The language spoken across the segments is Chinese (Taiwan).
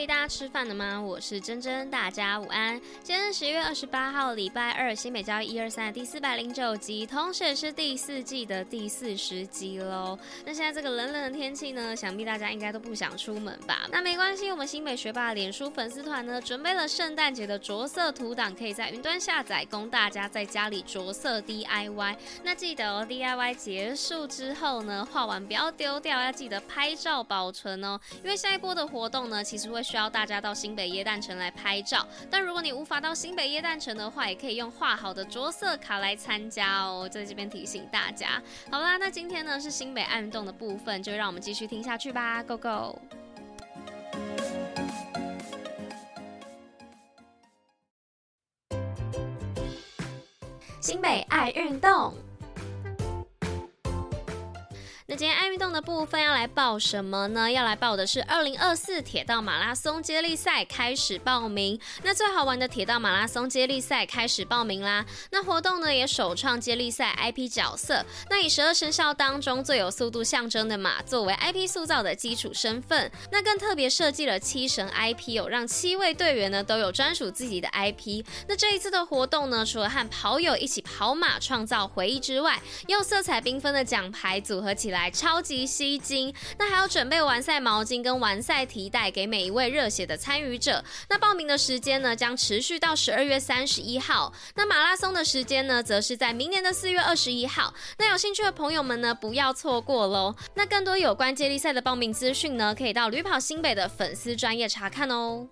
可大家吃飯了嗎？我是珍珍，大家午安。今天是十一月二十八號，禮拜二，新北教育一二三第四百零九集，同時也是第四季的第四十集嘍。那現在這個冷冷的天氣呢，想必大家應該都不想出門吧？那沒關係，我們新北學霸臉書粉絲團呢，準備了聖誕節的着色圖檔，可以在雲端下載，供大家在家裡着色 DIY。那記得哦，DIY 結束之後呢，畫完不要丟掉，要記得拍照保存哦，因為下一波的活動呢，其實會。需要大家到新北耶誕城來拍照，但如果你無法到新北耶誕城的話，也可以用畫好的着色卡來參加哦，在這邊提醒大家。好啦，那今天呢是新北愛運動的部分，就讓我們繼續聽下去吧，Go Go！新北愛運動。今天愛運動的部分要來報什麼呢？要來報的是二零二四鐵道馬拉松接力賽開始報名。那最好玩的鐵道馬拉松接力賽開始報名啦！那活動呢也首創接力賽 IP 角色，那以十二生肖當中最有速度象徵的馬作為 IP 塑造的基礎身份，那更特別設計了七神 IP，有、哦、讓七位隊員呢都有專屬自己的 IP。那這一次的活動呢，除了和跑友一起跑馬創造回憶之外，用色彩繽紛的獎牌組合起來，超級吸睛，那還要準備完賽毛巾跟完賽提帶給每一位熱血的參與者。那報名的時間呢將持續到十二月三十一號，那馬拉松的時間呢則是在明年的四月二十一號。那有興趣的朋友們呢不要錯過嘍。那更多有關接力賽的報名資訊呢，可以到旅跑新北的粉絲專頁查看哦。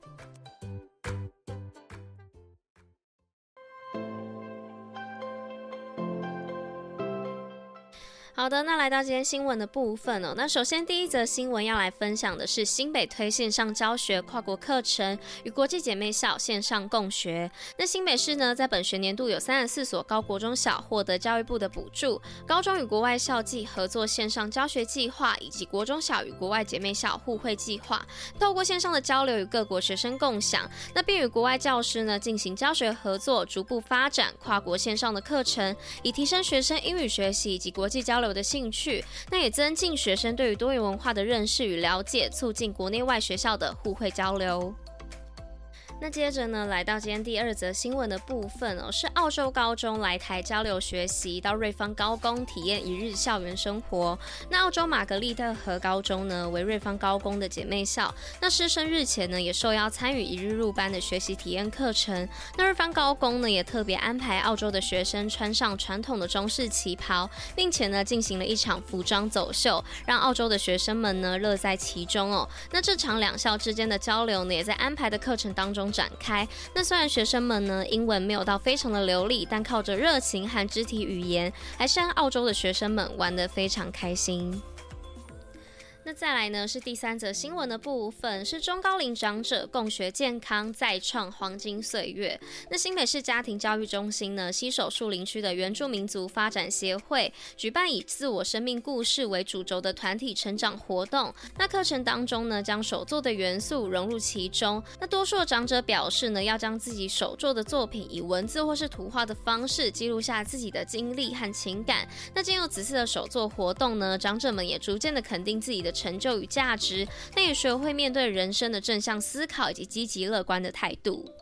好的，那來到今天新聞的部分了哦。那首先第一則新聞要來分享的是新北推線上教學跨國課程與國際姐妹校線上共學。那新北市呢，在本學年度有三十四所高國中小獲得教育部的補助，高中與國外校際合作線上教學計劃，以及國中小與國外姐妹校互惠計劃，透過線上的交流與各國學生共享。那並與國外教師呢進行教學合作，逐步發展跨國線上的課程，以提升學生英語學習以及國際交流的興趣，那也增進學生對於多元文化的認識與了解，促進國內外學校的互惠交流。那接着呢，來到今天第二則新聞的部分哦，是澳洲高中來台交流學習，到瑞芳高工體驗一日校園生活。那澳洲瑪格麗特河高中呢，為瑞芳高工的姐妹校。那師生日前呢，也受邀參與一日入班的學習體驗課程。那瑞芳高工呢，也特別安排澳洲的學生穿上傳統的中式旗袍，並且呢，進行了一場服裝走秀，讓澳洲的學生們呢，樂在其中哦。那這場兩校之間的交流呢，也在安排的課程當中。展開，那雖然學生們呢，英文沒有到非常的流利，但靠着熱情和肢體語言，還是讓澳洲的學生們玩得非常開心。那再來呢是第三則新聞的部分，是中高齡長者共學健康，再創黃金歲月。那新北市家庭教育中心呢，攜手樹林區的原住民族發展協會，舉辦以自我生命故事為主軸的團體成長活動。那課程當中呢，將手作的元素融入其中。那多數長者表示呢，要將自己手作的作品以文字或是圖畫的方式記錄下自己的經歷和情感。那進入此次的手作活動呢，長者們也逐漸的肯定自己的成就與價值，那也學會面對人生的正向思考以及積極樂觀的態度。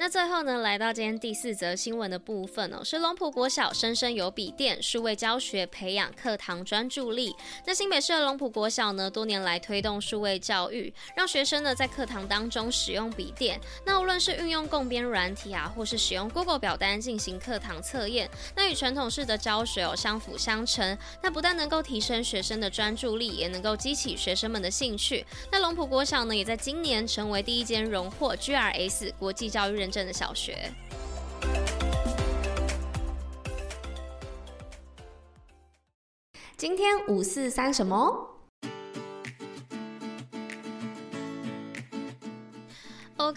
那最後呢，來到今天第四則新聞的部分哦，是龍埔國小生生有筆電，數位教學培養課堂專注力。那新北市的龍埔國小呢，多年來推動數位教育，讓學生呢在課堂當中使用筆電。那無論是運用共編軟體啊，或是使用 Google 表單進行課堂測驗，那與傳統式的教學哦相輔相成。那不但能夠提升學生的專注力，也能夠激起學生們的興趣。那龍埔國小呢，也在今年成為第一間榮獲 GRS 國際教育人。鎮的小學。今天五四三什麼？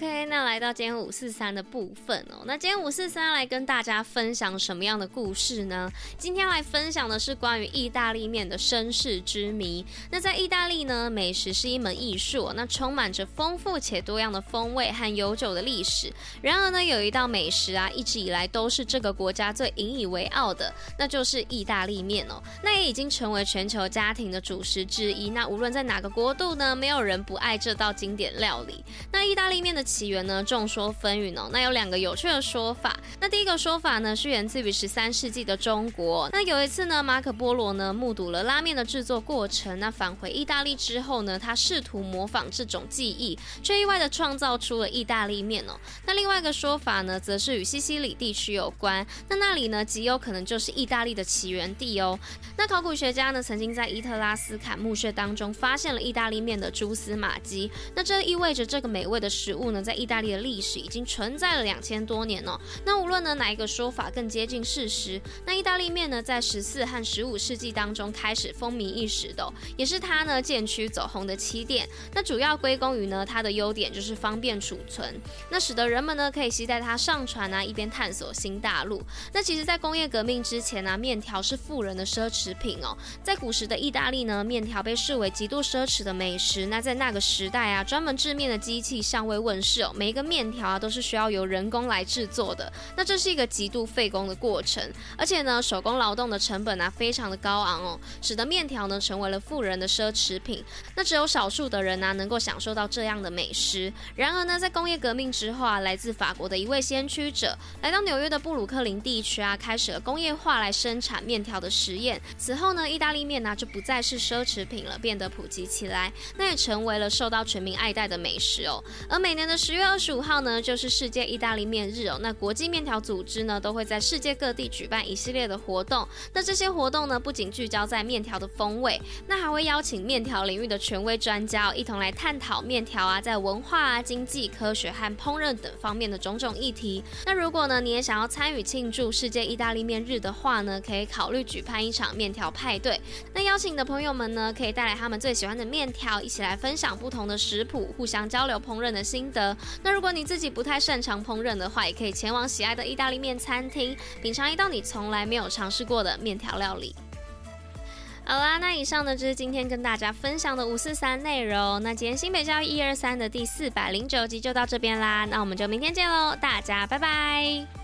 OK，那來到今天五四三的部分哦。那今天五四三來跟大家分享什麼樣的故事呢？今天來分享的是關於意大利麵的身世之謎。那在意大利呢，美食是一門藝術哦，那充滿着豐富且多樣的風味和悠久的歷史。然而呢，有一道美食啊，一直以來都是這個國家最引以為傲的，那就是意大利麵哦。那也已經成為全球家庭的主食之一。那無論在哪個國度呢，沒有人不愛這道經典料理。那意大利麵的。起源呢眾說紛紜哦。那有兩個有趣的說法。那第一個說法呢是源自於十三世紀的中國。那有一次呢，馬可波羅呢目睹了拉面的制作過程。那返回意大利之後呢，他試圖模仿這種技藝，卻意外的創造出了意大利面哦。那另外一個說法呢，則是與西西裡地區有關。那那裡呢極有可能就是意大利的起源地哦。那考古學家呢曾經在伊特拉斯坎墓穴當中發現了意大利面的蛛絲馬跡。那這意味着這個美味的食物呢。在意大利的歷史已經存在了兩千多年哦、喔。那無論呢哪一個說法更接近事實，那意大利麵呢在十四和十五世紀當中開始風靡一時的、喔，也是它呢漸趨走紅的起點。那主要歸功於呢它的優點就是方便儲存，那使得人們呢可以攜帶它上船啊，一邊探索新大陸。那其實，在工業革命之前呢、啊，麵條是富人的奢侈品哦、喔。在古時的意大利呢，麵條被視為極度奢侈的美食。那在那個時代啊，專門制麵的機器尚未問世。是哦，每一個麵條啊都是需要由人工來制作的，那這是一個極度費工的過程，而且呢，手工勞動的成本啊非常的高昂哦，使得麵條呢成為了富人的奢侈品，那只有少數的人呢、啊、能夠享受到這樣的美食。然而呢，在工業革命之後啊，來自法國的一位先驅者來到紐約的布魯克林地區啊，開始了工業化來生產麵條的實驗。此後呢，意大利麵呢、啊、就不再是奢侈品了，變得普及起來，那也成為了受到全民愛戴的美食哦。而每年的那十月二十五號呢，就是世界意大利面日哦。那國際麵條組織呢，都會在世界各地舉辦一系列的活動。那這些活動呢，不僅聚焦在麵條的風味，那還會邀請麵條領域的權威專家哦，一同來探討麵條啊，在文化啊、經濟、科學和烹飪等方面的種種議題。那如果呢，你也想要參與慶祝世界意大利面日的話呢，可以考慮舉辦一場麵條派對。那邀請的朋友們呢，可以帶來他們最喜歡的麵條，一起來分享不同的食譜，互相交流烹飪的心得。那如果你自己不太擅長烹飪的話，也可以前往喜愛的意大利面餐廳，品嘗一道你從來沒有嘗試過的麵條料理。好啦，那以上呢就是今天跟大家分享的五四三內容。那今天新北教育一二三的第四百零九集就到這邊啦，那我們就明天見嘍，大家拜拜。